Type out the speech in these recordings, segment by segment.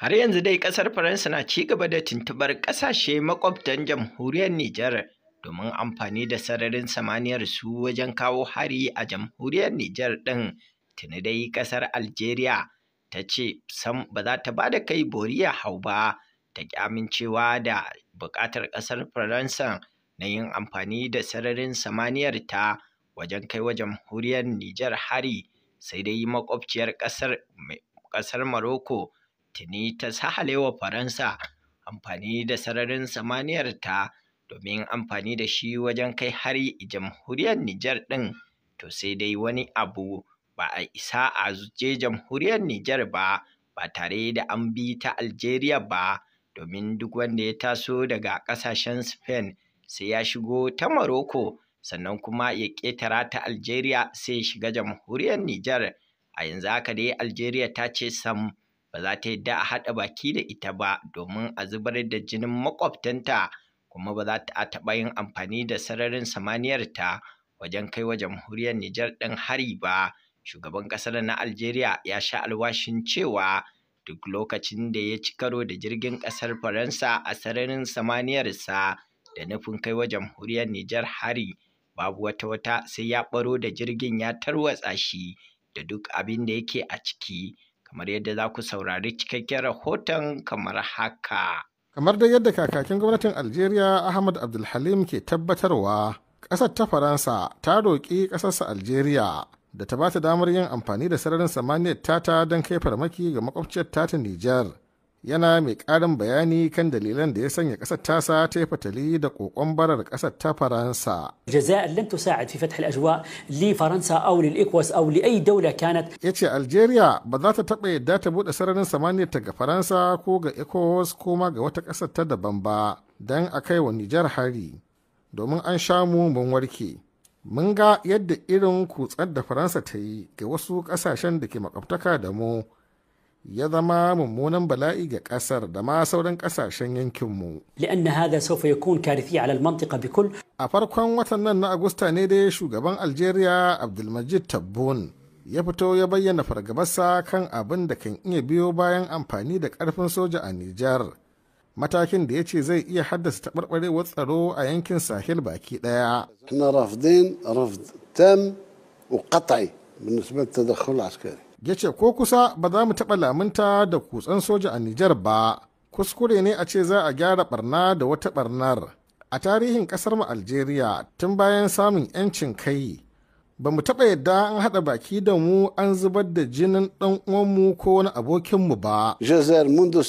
Har yanzu dai ƙasar Faransa na ci gaba da tuntuɓar ƙasashe makwabtan jamhuriyar Nijar domin amfani da sararin samaniyar su wajen kawo hari a jamhuriyar Nijar ɗin tuni dai ƙasar Algeria ta ce sam ba za ta ba da kai boriya hau ba ta ƙi amincewa da buƙatar ƙasar Faransa na yin amfani da sararin samaniyar ta wajen kai wa jamhuriyar Nijar hari sai dai makwabciyar ƙasar Maroko tuni ta sahalewa Faransa amfani da sararin samaniyar ta domin amfani da shi wajen kai hari jamhuriyar Nijar ɗin to sai dai wani abu ba a isa a je jamhuriyar Nijar ba ba tare da an bi ta Algeria ba domin duk wanda ya taso daga ƙasashen Spain sai ya shigo ta Morocco sannan kuma ya ƙetara ta Algeria sai ya shiga jamhuriyar Nijar a yanzu haka dai Algeria ta ce sam ba za ta yadda a haɗa baki da ita ba domin a zubar da jinin maƙwabtanta kuma ba za ta taɓa yin amfani da sararin samaniyarta wajen kai wa jamhuriyar Nijar ɗin hari ba. Shugaban ƙasar na Algeria ya sha alwashin cewa duk lokacin da ya ci karo da jirgin ƙasar Faransa a sararin samaniyarsa da nufin kai wa jamhuriyar Nijar hari babu wata wata sai ya ɓaro da jirgin ya tarwatsa shi da duk abin da yake a ciki. kamar yadda za ku saurari cikakken rahoton kamar haka. Kamar da yadda kakakin gwamnatin Algeria Ahmad Abdulhalim ke tabbatarwa, ƙasar ta Faransa ta roƙi ƙasarsa Algeria da ta ba ta damar yin amfani da sararin samaniyar tata don kai farmaki ga makwabciyar tata Nijar yana mai ƙarin bayani kan dalilan da ya sanya ƙasar tasa ta yi fatali da ƙoƙon barar ƙasar ta Faransa. Jazair lam ya fi fath al-ajwa li Faransa aw lil ECOWAS aw li ay dawla kanat. Yace Algeria ba za ta taɓa yadda ta buɗe sararin samaniya ta ga Faransa ko ga ECOWAS ko ma ga wata ƙasar ta daban ba dan a kai wa Nijar hari domin an sha mu mun warke. Mun ga yadda irin kutsar da Faransa ta yi ga wasu ƙasashen da ke makwabtaka da mu. ya zama mummunan bala'i ga kasar da ma sauran kasashen yankinmu. li'anna hada ya yakun karithiya ala al bikul a farkon watan nan na agusta ne dai shugaban algeria abdulmajid tabbun ya fito ya bayyana fargabarsa kan abin da kan iya biyo bayan amfani da karfin soja a nijar matakin da ya ce zai iya haddasa taɓarɓarewar tsaro a yankin sahel baki ɗaya. tam ya ce ko kusa ba za mu taɓa lamunta da kutsan soja a Nijar ba kuskure ne a ce za a gyara barna da wata barnar a tarihin ƙasar mu Algeria tun bayan samun 'yancin kai ba mu taɓa yadda an haɗa baki da mu an zubar da jinin ɗan uwanmu ko wani abokinmu ba. Jazair mundu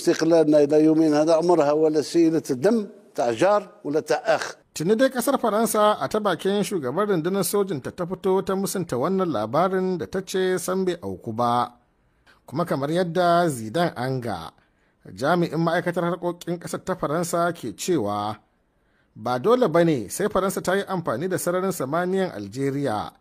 na ila yumin hada amurha wala sayyidat dam ta jar wala ta akh Tuni dai kasar Faransa a ta bakin shugaban rundunar sojinta ta fito ta musanta wannan labarin da ta ce san bai auku ba. Kuma kamar yadda zidan anga jami'in ma'aikatar harkokin ƙasar ta Faransa ke cewa ba dole ba ne sai Faransa ta yi amfani da sararin samaniyan Algeria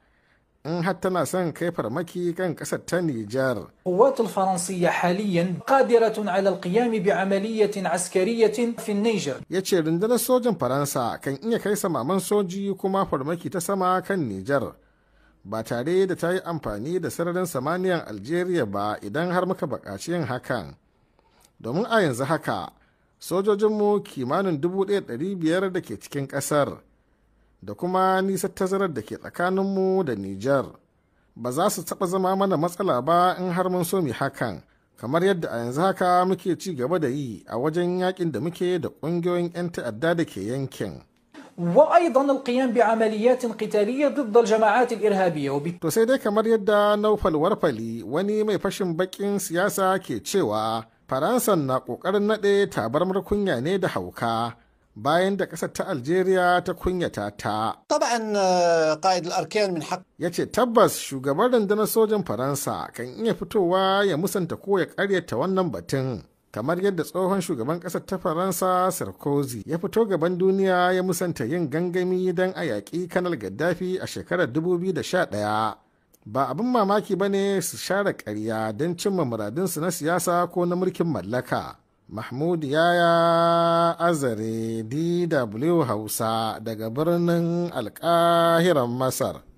in har tana son kai farmaki kan kasar ta Nijar. Kuwatul Faransiyya haliyan qadiratun ala alqiyam bi amaliyatin askariyatin fi nijar Yace rundunar sojin Faransa kan iya kai samaman soji kuma farmaki ta sama kan Nijar. Ba tare da ta yi amfani da sararin samaniyar Algeria ba idan har muka buƙaci yin hakan. Domin a yanzu haka, sojojinmu kimanin biyar da ke cikin ƙasar. da kuma nisar tazarar da ke tsakaninmu da Nijar. Ba za su taɓa zama mana matsala ba in har mun so mu hakan, kamar yadda a yanzu haka muke ci gaba da yi a wajen yakin da muke da ƙungiyoyin 'yan ta'adda da ke yankin. وأيضا القيام بعمليات duk da الجماعات الإرهابية وب... to sai dai kamar yadda Naufal Warfali wani mai fashin bakin siyasa ke cewa Faransa na ƙoƙarin naɗe tabarmar kunya ne da hauka bayan da ƙasar ta Algeria ta kunyata ta. Eh, ya ce tabbas shugaban rundunar sojan Faransa kan iya fitowa ya musanta ko ya ƙaryata wannan batun. Kamar yadda tsohon shugaban ƙasar ta Faransa Sarkozy ya fito gaban duniya ya musanta yin gangami don a yaƙi kanal Gaddafi a shekarar 2011. Ba abin mamaki ba ne su share ƙarya don cimma muradinsu na siyasa ko na mulkin mallaka. mahmud yaya azare dw hausa daga birnin alkahiran masar